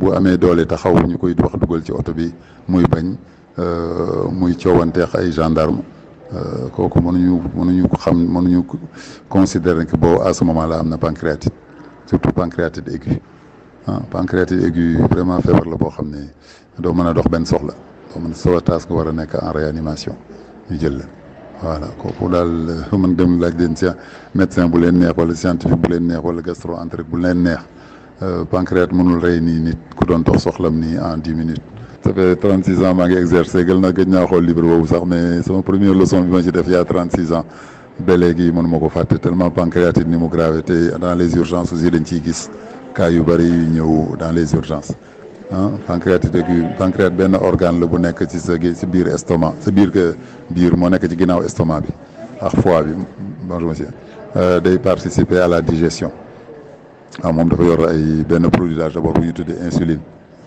bu amee doole taxaw ñu koy wax dugal ci oto bi muy bañ euh, muy coowanteex ay gendarme euh, kooku mënuñu mënuñu xam mënuñu considérer que boobu à ce moment là am na pancréatite surtout pancréatite aiguë ah pancréatite vraiment feebar la boo xam ne doo mën a dox benn soxla doo mën taas ko war a nekk en réanimation ñu jël la voilà kooku daal euh, mën dem laaj leen si médecin bu leen neex wala scientifique bu leen neex wala gastro entérologue bu leen neex. Euh, pancréate mënul rey ni nit ku doon dox soxlam ni en dix minutes. ça fait trente six ans ma ngi exercé gël na gëj na xol libre bobu sax mais sama première leçon bi ma ci def ya trente six ans ba léegi mon ko fàtte tellement pancréatite ni mu grave dans les urgences aussi dañ ci gis cas yu bari yu ñëw dans les urgences. hein pancréatite aiguë pancréate ben organe la bu nekk ci sa ci biir estomac sa biir que biir mo nekk ci ginnaaw estomac bi ak foie bi bonjour monsieur euh, day participer à la digestion waaw moom dafa yor ay ben produit d'abord bu ñu tuddee insuline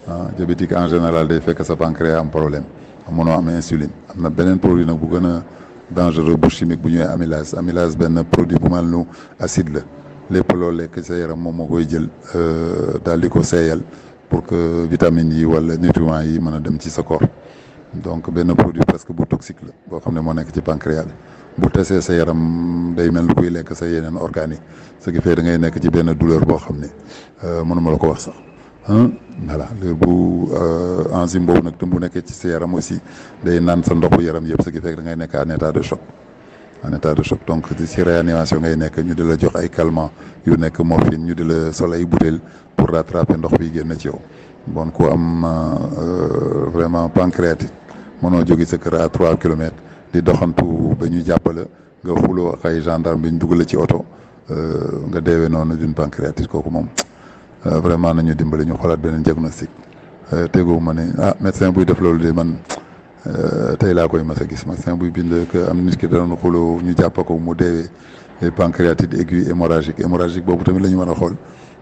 ah diabétique en général day fekk sa pancréas am problème amono am insuline amna benen produit nak bu gëna dangereux bu chimique bu ñuy amylase amylase ben produit bu mel nu acide la lépp loo lekk sa yaram moom moo koy jël euh, daal di ko seeyal pour que vitamine yi wala nutriments yi mën dem ci sa corps. donc benn produit presque bu toxique la boo xam ne moo nekk ci pancréas bi bu tesee sa yaram day mel lu kuy lekk sa yeneen organes yi ce qui fait da ngay nekk ci benn douleur boo xam ne euh, mënuma la ko wax sax voilà bu euh, enzyme boobu nag tam bu nekkee ci sa yaram aussi day naan sa ndoxu yaram yëpp ce qui fait da ngay nekk en état de choc en état de choc donc ci réanimation ngay nekk ñu di la jox ay calmants yu nekk morphine ñu di la pour rattraper ndox bi génn ci yow bon ko am euh, euh, vraiment pancréatite mono jogi sa kër à trois kilomètres di doxantu ba ñu jàppale nga fulo ak ay gendarme bi ñu dugal ci oto euh, nga déwé noonu d'une pancréatite kooku mom vraiment nañu dimbali ñu xoolaat benen diagnostic tegoo ma né ah médecin buy def lolu de man euh tay la koy mësa a gis médecin buy bind que am nit ki danoon xuloo ñu jappako mu déwé deewee pancréatite aiguë hémorragique hémorragique bobu tamit lañu mëna xol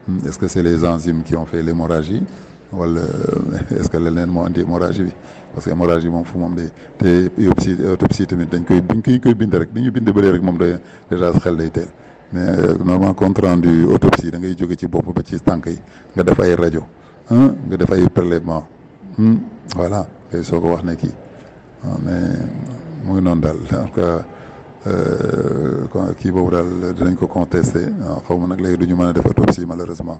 hmm, est-ce que c'est les enzymes qui ont fait l'hémorragie wala est-ce que leneen moo andi morage bi parce que morage hémorragie moom fu moom de te biopsie autopsie tamit dañ koy buñ koy bind rek dañuy bind bëree rek moom day déjà xel day teel mais euh, normalement compte rendu autopsie da ngay jóge ci bopp ba ci tànk yi nga def ay rajo hein, nga def ay prélèvement hmm, voilà kay soo ko wax ne kii ah, mais mu ngi noonu daal en tout cas euh, kii boobu daal dinañ ko contesté ah, xaw ma nag léegi du ñu mën a def autopsie malheureusement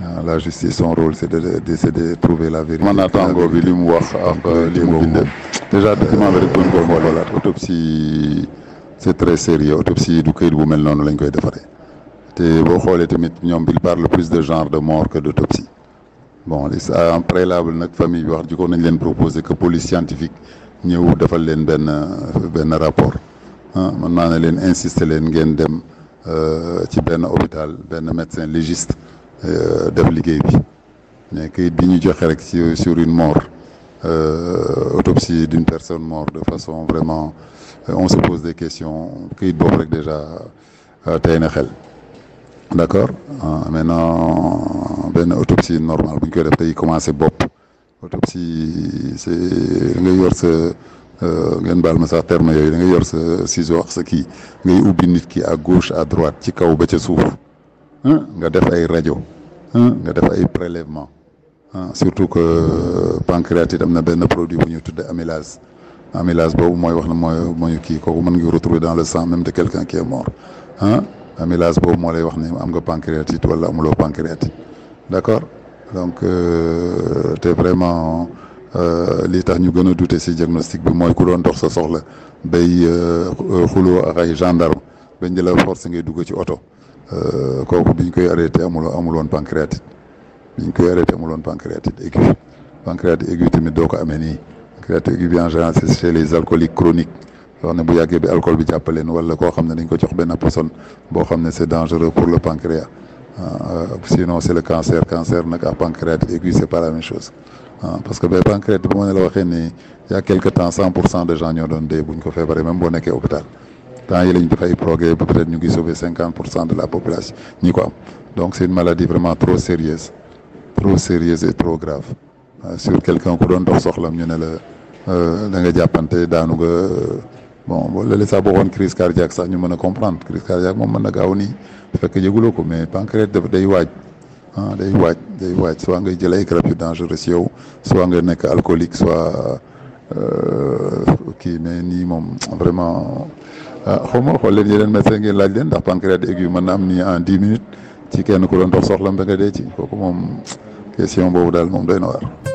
Ah, la justice son rôle c'est de trouver la vérité Je bi déjà document avec rek buñ euh, ko l'autopsie, c'est très sérieux L'autopsie du këyit vous mel noonu lañ koy il parle plus de genre de mort que d'autopsie bon en préalable notre famille bi wax que nañ proposer que police scientifique nous un rapport ah, Maintenant, on insiste, insisté leen insister leen euh, hôpital d'un médecin légiste euh, def liguey bi mais kayit bi ñu joxe rek sur une mort euh, autopsie d'une personne morte de façon vraiment euh, on se pose des questions kayit boobu rek déjà tey na xel d'accord maintenant ben autopsie normale buñ ko def tey commencé bop autopsie c'est nga yor ce ngeen baal ma sax terme yoy da nga yor ce ciseau ak ce qui ngay ubi nit ki à gauche à droite ci kaw ba ci suuf Hein? nga def ay rajo hein? nga def ay prélèvement hein? surtout que euh, pancréatite amna na produit bu ñu tudde amylase amylase bobu moy wax na moy moy ki koku mën nga retrouver dans le sang même de quelqu'un qui est mort ah amylase bobu moo lay wax ni am nga pancréatite wala amuloo pancréatite d'accord donc euh, te vraiment euh, li tax ñu gëna a douter ci diagnostic bi moy ku doon dox sa soxla bay xuloo ak ay gendarme bañ la force ngay dugg ci auto euh, koku biñ koy arrêté amul amul won pancréatite biñ koy arrêté amul won pancréatite aiguë pancréatite aiguë tamit doo ko amee nii pancréatite aiguë bi en général c'est chez les alcooliques chroniques loo xam ne bu yàggee bi alcool bi jàppaleen wala koo xam ne dañ ko jox benn personne boo xam ne c'est dangereux pour le pancréas euh, sinon c'est le cancer cancer nag ak pancréatite aiguë c'est pas la même chose ah parce que ba ben, pancréatite bu ma ne la waxee nii y a quelque temps 100 pour cent de gens ñoo doon dee buñ ko feebaree même boo nekkee hôpital tant yi lañ a ay progrès peut être ñu ngi sauver 50% de la population ñi quoi. donc c'est une maladie vraiment trop sérieuse trop sérieuse et trop grave euh, sur quelqu'un qui doon dox soxlam ñu ne la euh, da nga jàppante daanu euh, bon les léeg sax crise cardiaque sax ñu mën comprendre. comprendre crise cardiaque moom mën na gaaw nii fekk yëguloo ko mais pancréas daf day waaj ah day waaj soit on jël ay garab plus dangereux soit nga nekk alcoolique soit Ok, mais ni mon vraiment Ah, xaw ma xool leen yeneen médecin ngeen laaj leen ndax pancréatite aiguë mën na am nii en dix minutes ci kenn ku doon dox soxlam ba nga dee ci kooku moom question boobu daal moom doy na waar.